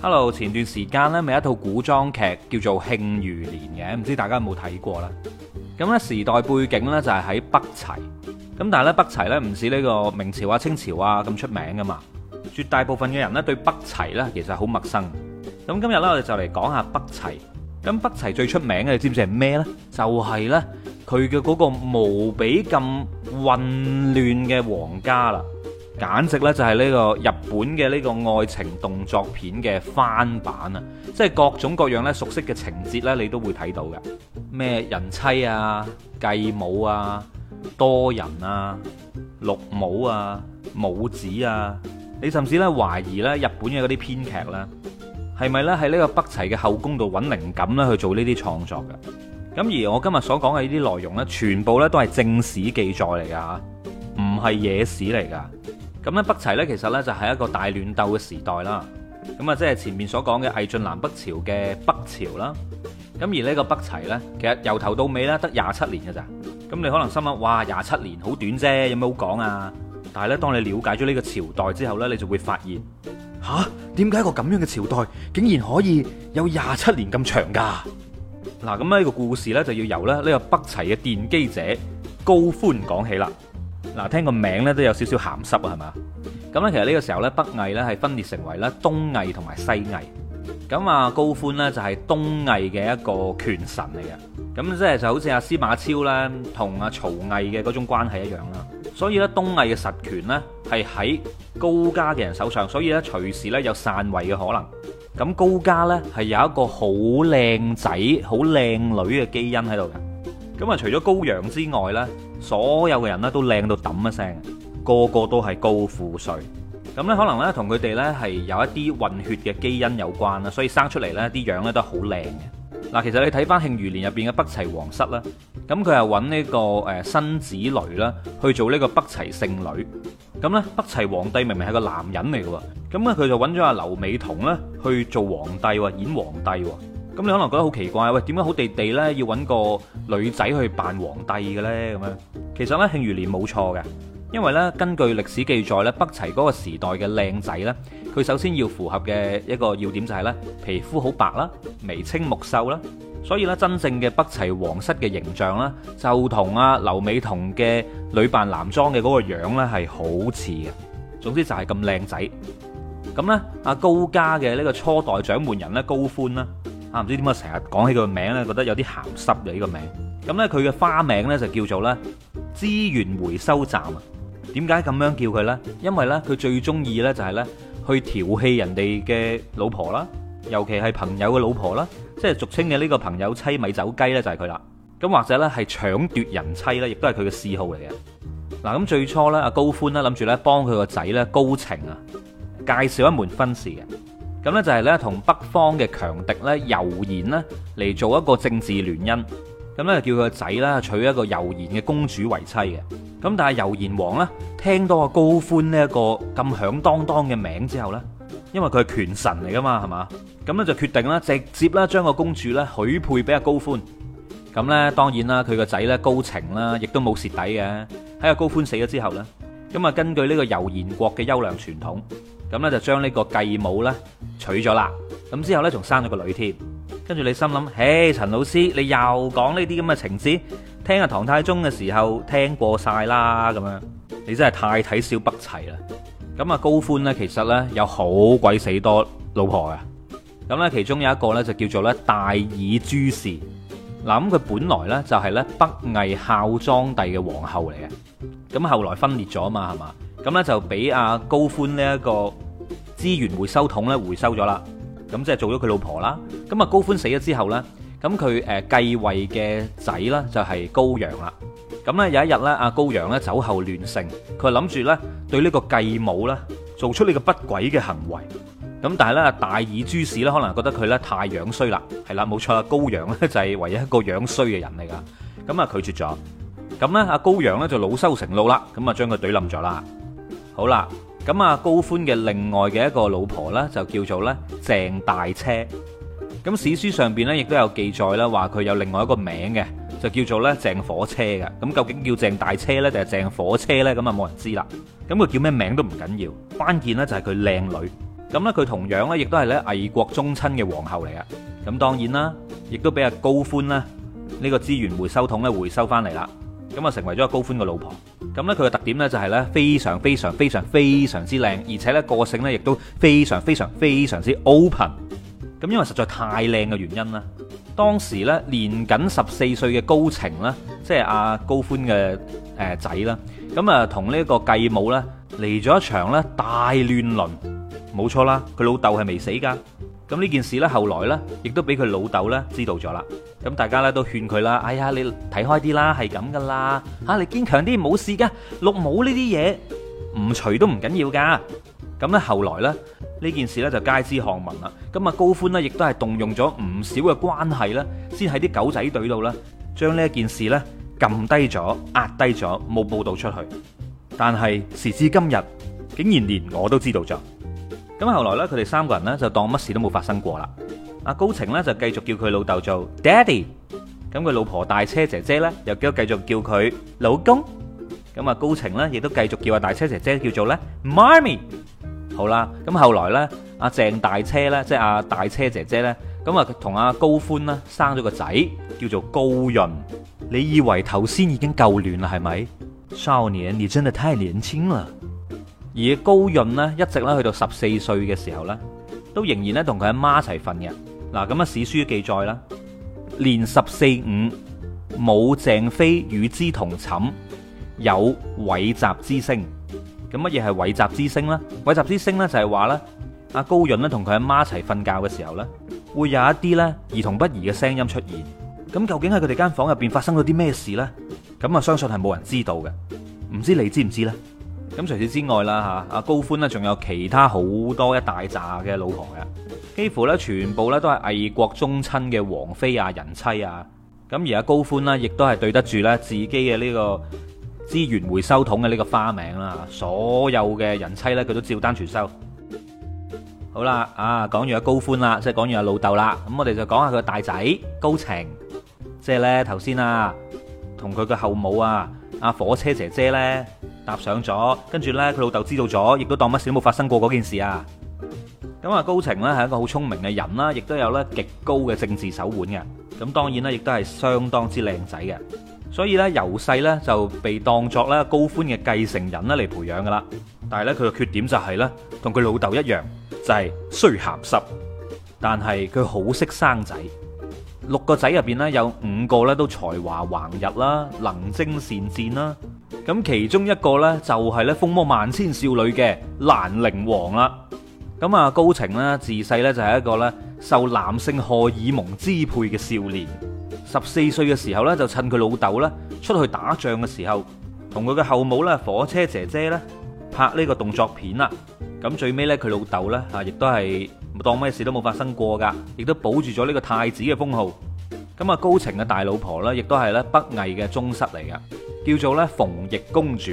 Hello，前段時間咧，有一套古裝劇叫做《慶餘年》嘅，唔知大家有冇睇過啦？咁咧時代背景咧就係喺北齊，咁但係咧北齊咧唔似呢個明朝啊、清朝啊咁出名噶嘛，絕大部分嘅人咧對北齊咧其實係好陌生。咁今日咧我哋就嚟講下北齊，咁北齊最出名嘅你知唔知係咩咧？就係咧佢嘅嗰個無比咁混亂嘅皇家啦。簡直咧就係呢個日本嘅呢個愛情動作片嘅翻版啊！即係各種各樣咧熟悉嘅情節呢，你都會睇到嘅咩人妻啊、繼母啊、多人啊、綠帽啊、母子啊，你甚至呢懷疑呢日本嘅嗰啲編劇呢，係咪呢喺呢個北齊嘅後宮度揾靈感呢去做呢啲創作嘅？咁而我今日所講嘅呢啲內容呢，全部呢都係正史記載嚟㗎，唔係野史嚟㗎。咁咧北齊咧，其實咧就係一個大亂鬥嘅時代啦。咁啊，即係前面所講嘅魏晉南北朝嘅北朝啦。咁而呢個北齊咧，其實由頭到尾咧得廿七年嘅咋。咁你可能心諗，哇廿七年好短啫，有咩好講啊？但係咧，當你了解咗呢個朝代之後咧，你就會發現，吓點解個咁樣嘅朝代竟然可以有廿七年咁長噶？嗱，咁呢個故事咧就要由咧呢個北齊嘅奠基者高歡講起啦。嗱，聽個名咧都有少少鹹濕啊，係嘛？咁咧其實呢個時候咧，北魏咧係分裂成為咧東魏同埋西魏。咁啊，高歡咧就係東魏嘅一個權臣嚟嘅。咁即係就好似阿司馬超咧同阿曹魏嘅嗰種關係一樣啦。所以咧，東魏嘅實權咧係喺高家嘅人手上，所以咧隨時咧有散位嘅可能。咁高家咧係有一個好靚仔、好靚女嘅基因喺度嘅。咁啊，除咗高陽之外呢，所有嘅人呢都靚到抌一聲，個個都係高富帥。咁呢可能呢同佢哋呢係有一啲混血嘅基因有關啦，所以生出嚟呢啲樣呢都好靚嘅。嗱，其實你睇翻慶餘年入邊嘅北齊皇室啦，咁佢係揾呢個誒辛芷蕾啦去做呢個北齊聖女。咁呢，北齊皇帝明明係個男人嚟嘅，咁呢佢就揾咗阿劉美彤呢去做皇帝喎，演皇帝喎。咁你可能覺得好奇怪啊！喂，點解好地地呢要揾個女仔去扮皇帝嘅呢？咁樣其實呢，慶餘年冇錯嘅，因為呢根據歷史記載呢，北齊嗰個時代嘅靚仔呢，佢首先要符合嘅一個要點就係呢皮膚好白啦、眉清目秀啦，所以呢真正嘅北齊皇室嘅形象呢，就同阿劉美彤嘅女扮男裝嘅嗰個樣呢係好似嘅。總之就係咁靚仔。咁呢，阿高家嘅呢個初代掌門人呢，高歡啦。啊，唔知點解成日講起佢個名咧，覺得有啲鹹濕嘅呢個名。咁咧佢嘅花名咧就叫做咧資源回收站啊。點解咁樣叫佢呢？因為呢，佢最中意呢，就係呢去調戲人哋嘅老婆啦，尤其係朋友嘅老婆啦，即係俗稱嘅呢個朋友妻咪走雞呢，就係佢啦。咁或者呢，係搶奪人妻呢，亦都係佢嘅嗜好嚟嘅。嗱咁最初呢，阿高歡呢，諗住呢幫佢個仔呢，高情啊介紹一門婚事嘅。咁咧就係咧同北方嘅強敵咧柔然咧嚟做一個政治聯姻，咁咧叫佢個仔啦娶一個柔然嘅公主為妻嘅。咁但係柔然王啦聽到阿高歡呢一個咁響噹噹嘅名之後咧，因為佢係權臣嚟噶嘛，係嘛，咁咧就決定啦，直接啦將個公主咧許配俾阿高歡。咁咧當然啦，佢個仔咧高澄啦，亦都冇蝕底嘅。喺阿高歡死咗之後咧，咁啊根據呢個柔然國嘅優良傳統。咁咧就將呢個繼母呢娶咗啦，咁之後呢，仲生咗個女添，跟住你心諗，唉，陳老師你又講呢啲咁嘅情節，聽阿唐太宗嘅時候聽過晒啦，咁樣你真係太睇小北齊啦。咁啊高歡呢，其實呢，有好鬼死多老婆呀。咁呢，其中有一個呢，就叫做呢大爾朱氏。嗱咁佢本來呢，就係呢北魏孝莊帝嘅皇后嚟嘅，咁後來分裂咗嘛，係嘛。咁咧就俾阿高歡呢一個資源回收桶咧回收咗啦。咁即係做咗佢老婆啦。咁啊，高歡死咗之後咧，咁佢誒繼位嘅仔咧就係高洋啦。咁咧有一日咧，阿高洋咧酒後亂性，佢諗住咧對呢個繼母咧做出呢個不軌嘅行為。咁但係咧，大爾朱氏咧可能覺得佢咧太樣衰啦，係啦冇錯，阿高洋咧就係唯一一個樣衰嘅人嚟噶。咁啊拒絕咗。咁咧阿高洋咧就老羞成怒啦，咁啊將佢懟冧咗啦。好啦，咁啊高歡嘅另外嘅一個老婆呢，就叫做呢鄭大車，咁史書上邊呢，亦都有記載啦，話佢有另外一個名嘅，就叫做呢鄭火車嘅，咁究竟叫鄭大車呢，定係鄭火車呢？咁啊冇人知啦，咁佢叫咩名都唔緊要，關鍵呢就係佢靚女，咁呢，佢同樣呢，亦都係呢魏國忠親嘅皇后嚟㗎。咁當然啦，亦都俾阿高歡咧呢個資源回收桶呢，回收翻嚟啦。咁啊，成為咗高歡嘅老婆。咁咧，佢嘅特點咧就係咧非常非常非常非常之靚，而且咧個性咧亦都非常非常非常之 open。咁因為實在太靚嘅原因啦，當時咧年僅十四歲嘅高澄啦，即係阿高歡嘅誒仔啦。咁啊，同呢個繼母咧嚟咗一場咧大亂倫，冇錯啦，佢老豆係未死噶。咁呢件事呢，後來呢，亦都俾佢老豆呢知道咗啦。咁大家呢都勸佢啦，哎呀，你睇開啲啦，係咁噶啦吓，你堅強啲，冇事噶。綠帽呢啲嘢唔除都唔緊要噶。咁呢後來呢，呢件事呢就街知巷聞啦。咁啊，高歡呢亦都係動用咗唔少嘅關係呢，先喺啲狗仔隊度呢將呢一件事呢撳低咗、壓低咗，冇報導出去。但係時至今日，竟然連我都知道咗。咁後來咧，佢哋三個人咧就當乜事都冇發生過啦。阿高澄咧就繼續叫佢老豆做 daddy，咁佢老婆大車姐姐咧又繼續叫佢老公，咁啊高澄咧亦都繼續叫阿大車姐姐叫做咧 mummy。好啦，咁後來咧，阿鄭大車咧即係阿大車姐姐咧，咁啊同阿高歡啦生咗個仔叫做高潤。你以為頭先已經夠亂啦，係咪？少年，你真係太年輕啦。而高潤咧，一直咧去到十四歲嘅時候咧，都仍然咧同佢阿媽一齊瞓嘅。嗱，咁啊史書記載啦，年十四五，母鄭妃與之同寢，有穢雜之聲。咁乜嘢係穢雜之聲咧？穢雜之聲咧就係話咧，阿高潤咧同佢阿媽一齊瞓覺嘅時候咧，會有一啲咧兒童不宜嘅聲音出現。咁究竟喺佢哋間房入邊發生咗啲咩事呢？咁啊，相信係冇人知道嘅。唔知你知唔知呢？咁除此之外啦，吓，阿高歡仲有其他好多一大扎嘅老婆呀，幾乎呢全部都係魏國宗親嘅王妃啊、人妻啊。咁而家高歡呢，亦都係對得住呢自己嘅呢個資源回收桶嘅呢個花名啦。所有嘅人妻呢，佢都照單全收。好啦，啊講完阿高歡啦，即係講完阿老豆啦，咁我哋就講下佢大仔高澄，即係呢頭先啊同佢嘅後母啊。阿火車姐姐咧搭上咗，跟住呢，佢老豆知道咗，亦都當乜事都冇發生過嗰件事啊！咁啊高澄呢係一個好聰明嘅人啦，亦都有呢極高嘅政治手腕嘅。咁當然啦，亦都係相當之靚仔嘅。所以呢，由細呢就被當作咧高歡嘅繼承人啦嚟培養噶啦。但係呢，佢嘅缺點就係、是、呢，同佢老豆一樣，就係衰鹹濕，但係佢好識生仔。六個仔入邊咧，有五個咧都才華橫日啦，能精善戰啦。咁其中一個呢，就係咧風魔萬千少女嘅蘭陵王啦。咁啊高晴呢，自細呢，就係一個呢受男性荷爾蒙支配嘅少年。十四歲嘅時候呢，就趁佢老豆呢出去打仗嘅時候，同佢嘅後母呢，火車姐姐呢，拍呢個動作片啦。咁最尾呢，佢老豆呢，啊亦都係。當咩事都冇發生過噶，亦都保住咗呢個太子嘅封號。咁啊，高澄嘅大老婆啦，亦都係咧北魏嘅宗室嚟噶，叫做咧馮翊公主。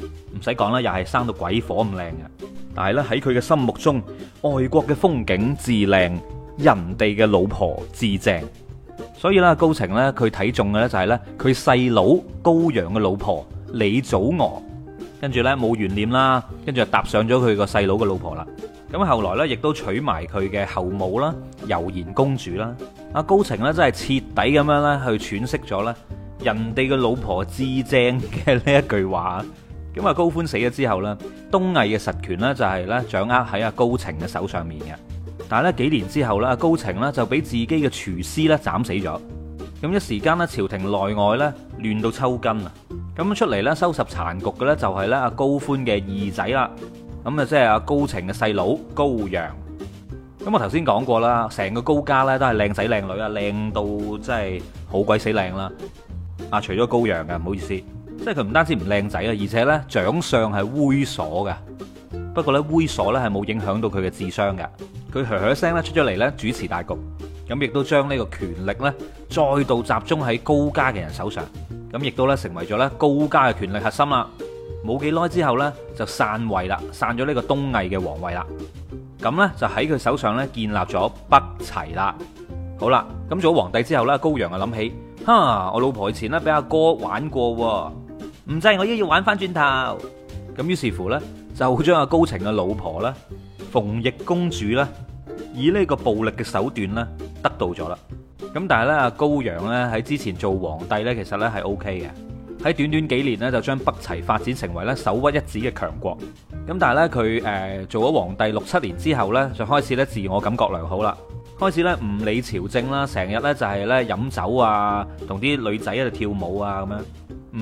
唔使講啦，又係生到鬼火咁靚嘅。但係咧喺佢嘅心目中，外國嘅風景至靚，人哋嘅老婆至正。所以咧，高澄咧佢睇中嘅咧就係咧佢細佬高洋嘅老婆李祖娥，跟住咧冇懸念啦，跟住就搭上咗佢個細佬嘅老婆啦。咁後來咧，亦都娶埋佢嘅後母啦，柔然公主啦。阿高澄呢，真係徹底咁樣咧，去詮釋咗咧，人哋嘅老婆至精嘅呢一句話。咁啊，高歡死咗之後呢，東魏嘅實權呢，就係咧掌握喺阿高澄嘅手上面嘅。但係咧，幾年之後咧，阿高澄呢，就俾自己嘅廚師咧斬死咗。咁一時間呢，朝廷內外咧亂到抽筋啊！咁出嚟咧，收拾殘局嘅咧就係咧阿高歡嘅二仔啦。咁啊，即係阿高澄嘅細佬高洋。咁我頭先講過啦，成個高家咧都係靚仔靚女啊，靚到真係好鬼死靚啦！啊，除咗高洋嘅唔好意思，即係佢唔單止唔靚仔啊，而且呢，長相係猥瑣㗎。不過呢，猥瑣呢係冇影響到佢嘅智商嘅。佢嗬嗬聲咧出咗嚟呢，主持大局，咁亦都將呢個權力呢再度集中喺高家嘅人手上，咁亦都呢成為咗呢高家嘅權力核心啦。冇幾耐之後咧，就禪位啦，禪咗呢個東魏嘅皇位啦。咁咧就喺佢手上咧建立咗北齊啦。好啦，咁做咗皇帝之後咧，高洋啊諗起，哈，我老婆以前咧俾阿哥玩過，哦，唔制，我依家要玩翻轉頭。咁於是乎咧，就將阿高澄嘅老婆啦，馮翊公主呢，以呢個暴力嘅手段咧，得到咗啦。咁但係咧，阿高洋咧喺之前做皇帝咧，其實咧係 OK 嘅。喺短短幾年咧，就將北齊發展成為咧首屈一指嘅強國是他。咁但係咧，佢誒做咗皇帝六七年之後咧，就開始咧自我感覺良好啦，開始咧唔理朝政啦，成日咧就係咧飲酒啊，同啲女仔喺度跳舞啊咁樣。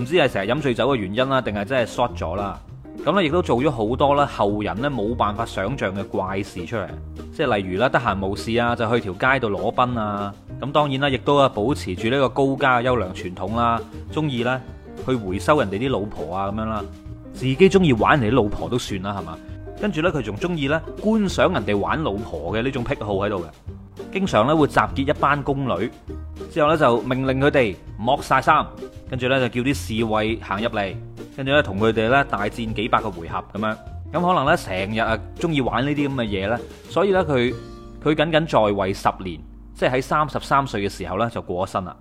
唔知係成日飲醉酒嘅原因啦，定係真係 short 咗啦？咁咧亦都做咗好多啦，後人咧冇辦法想象嘅怪事出嚟，即係例如咧得閒冇事啊，就去條街度裸奔啊。咁當然啦，亦都啊保持住呢個高家嘅優良傳統啦，中意咧，去回收人哋啲老婆啊咁樣啦，自己中意玩人哋老婆都算啦，係嘛？跟住呢，佢仲中意呢觀賞人哋玩老婆嘅呢種癖好喺度嘅，經常呢會集結一班宮女，之後呢就命令佢哋剝晒衫，跟住呢就叫啲侍衛行入嚟，跟住呢同佢哋呢大戰幾百個回合咁樣，咁可能呢成日啊中意玩呢啲咁嘅嘢，呢，所以呢，佢佢僅僅在位十年，即係喺三十三歲嘅時候呢就過身啦。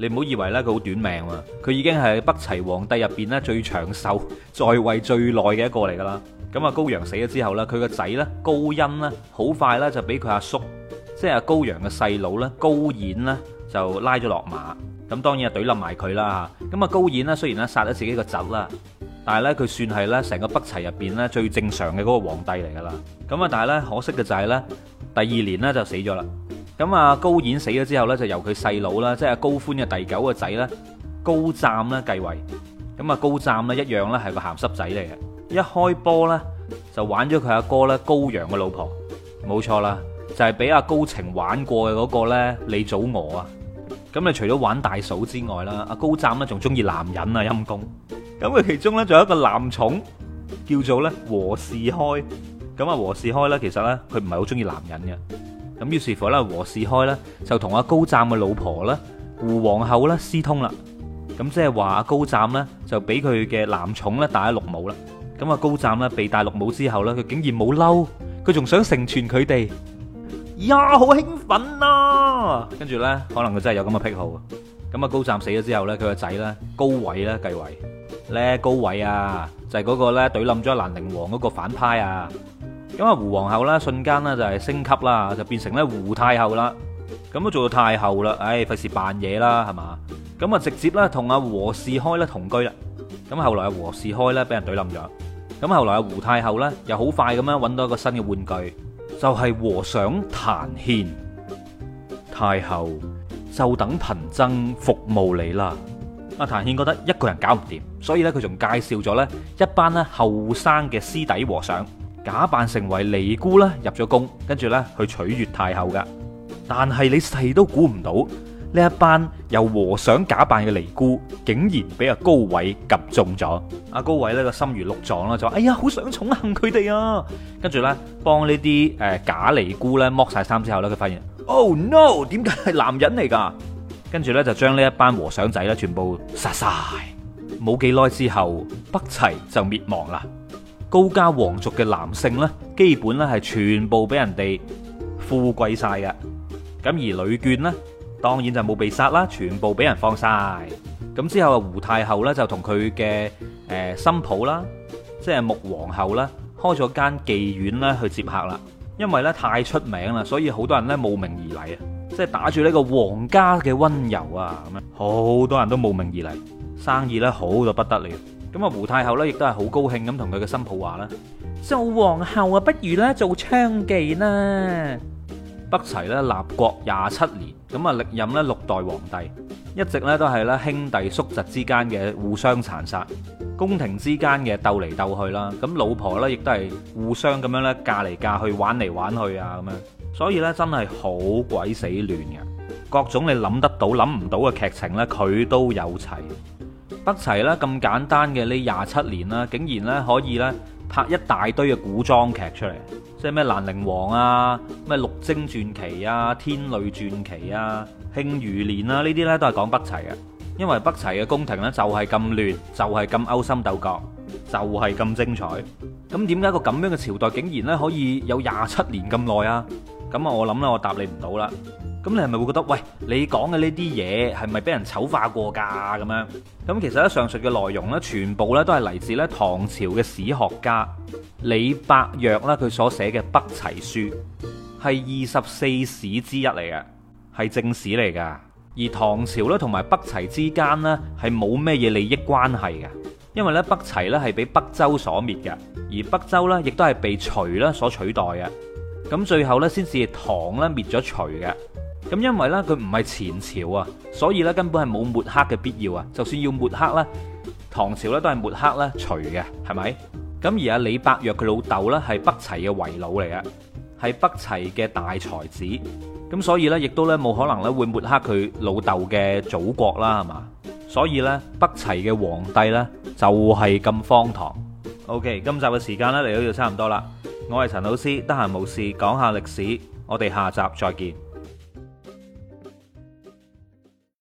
你唔好以為呢，佢好短命喎。佢已經係北齊皇帝入面呢最長壽在位最耐嘅一個嚟噶啦。咁啊高洋死咗之後呢，佢個仔呢，高殷呢，好快呢就俾佢阿叔，即係高洋嘅細佬呢，高演呢，就拉咗落馬。咁當然啊懟冧埋佢啦。咁啊高演呢，雖然呢殺咗自己個侄啦，但係呢，佢算係呢成個北齊入面呢最正常嘅嗰個皇帝嚟噶啦。咁啊但係呢，可惜嘅就係呢，第二年呢就死咗啦。咁啊，高演死咗之後咧，就由佢細佬啦，即係阿高歡嘅第九個仔咧，高湛咧繼位。咁啊，高湛咧一樣咧係個鹹濕仔嚟嘅。一開波咧就玩咗佢阿哥咧高洋嘅老婆，冇錯啦，就係俾阿高澄玩過嘅嗰個咧李祖娥啊。咁啊除咗玩大嫂之外啦，阿高湛咧仲中意男人啊陰功。咁佢其中咧仲有一個男寵叫做咧和士開。咁啊和士開咧其實咧佢唔係好中意男人嘅。咁於是乎咧，和士開咧就同阿高湛嘅老婆咧，胡皇后咧私通啦。咁即係話阿高湛咧就俾佢嘅男寵咧戴咗綠帽啦。咁阿高湛咧被戴綠帽之後咧，佢竟然冇嬲，佢仲想成全佢哋，呀好興奮啊！跟住咧，可能佢真係有咁嘅癖好。咁阿高湛死咗之後咧，佢個仔咧高緯咧繼位咧，高緯啊就係嗰個咧懟冧咗蘭陵王嗰個反派啊！咁啊，胡皇后啦，瞬間啦就係升級啦，就變成咧胡太后啦。咁都做到太后啦，唉、哎，費事扮嘢啦，係嘛？咁啊，直接啦同阿和氏開咧同居啦。咁後來阿和氏開咧俾人懟冧咗。咁後來阿胡太后咧又好快咁樣揾到一個新嘅玩具，就係、是、和尚譚憲。太后就等貧僧服務你啦。阿、啊、譚憲覺得一個人搞唔掂，所以咧佢仲介紹咗咧一班，咧後生嘅師弟和尚。假扮成為尼姑啦，入咗宮，跟住咧去取悅太后噶。但係你細都估唔到呢一班由和尚假扮嘅尼姑，竟然俾阿高偉及中咗。阿高偉呢個心如鹿撞啦，就話哎呀好想寵幸佢哋啊！跟住咧幫呢啲誒假尼姑咧剝晒衫之後咧，佢發現 oh no，點解係男人嚟噶？跟住咧就將呢一班和尚仔咧全部殺晒。冇幾耐之後，北齊就滅亡啦。高家皇族嘅男性呢，基本呢係全部俾人哋富貴晒㗎。咁而女眷呢，當然就冇被殺啦，全部俾人放晒。咁之後啊，胡太后呢就同佢嘅誒新抱啦，即係穆皇后啦，開咗間妓院啦去接客啦。因為呢太出名啦，所以好多人呢慕名而嚟啊，即係打住呢個皇家嘅溫柔啊，咁樣好多人都慕名而嚟，生意呢好到不得了。咁啊，胡太后咧，亦都係好高興咁同佢嘅新抱話啦，做皇后啊，不如咧做娼妓啦。北齊咧立國廿七年，咁啊，歷任咧六代皇帝，一直咧都係咧兄弟叔侄之間嘅互相殘殺，宮廷之間嘅鬥嚟鬥去啦，咁老婆咧亦都係互相咁樣咧嫁嚟嫁去，玩嚟玩去啊咁樣，所以咧真係好鬼死亂嘅，各種你諗得到諗唔到嘅劇情咧，佢都有齊。北齊咧咁簡單嘅呢廿七年啦，竟然咧可以咧拍一大堆嘅古裝劇出嚟，即係咩蘭陵王啊、咩陸貞傳奇啊、天女傳奇啊、慶餘年啊呢啲咧都係講北齊嘅，因為北齊嘅宮廷咧就係咁亂，就係、是、咁勾心鬥角，就係、是、咁精彩。咁點解個咁樣嘅朝代竟然咧可以有廿七年咁耐啊？咁啊，我諗咧，我答你唔到啦。咁你係咪會覺得？喂，你講嘅呢啲嘢係咪俾人醜化過㗎咁樣？咁其實呢上述嘅內容呢，全部呢都係嚟自呢唐朝嘅史學家李百藥咧佢所寫嘅《北齊書》，係二十四史之一嚟嘅，係正史嚟㗎。而唐朝呢，同埋北齊之間呢，係冇咩嘢利益關係嘅，因為呢，北齊呢係俾北周所滅嘅，而北周呢亦都係被隋啦所取代嘅。咁最後呢，先至唐呢滅咗隋嘅。咁，因為呢，佢唔係前朝啊，所以呢，根本係冇抹黑嘅必要啊。就算要抹黑呢，唐朝呢都係抹黑呢除嘅，係咪？咁而阿李百若佢老豆呢，係北齊嘅遺老嚟嘅，係北齊嘅大才子，咁所以呢，亦都呢冇可能呢會抹黑佢老豆嘅祖國啦，係嘛？所以呢，北齊嘅皇帝呢，就係咁荒唐。OK，今集嘅時間呢，嚟到就差唔多啦。我係陳老師，得閒無事講下歷史，我哋下集再見。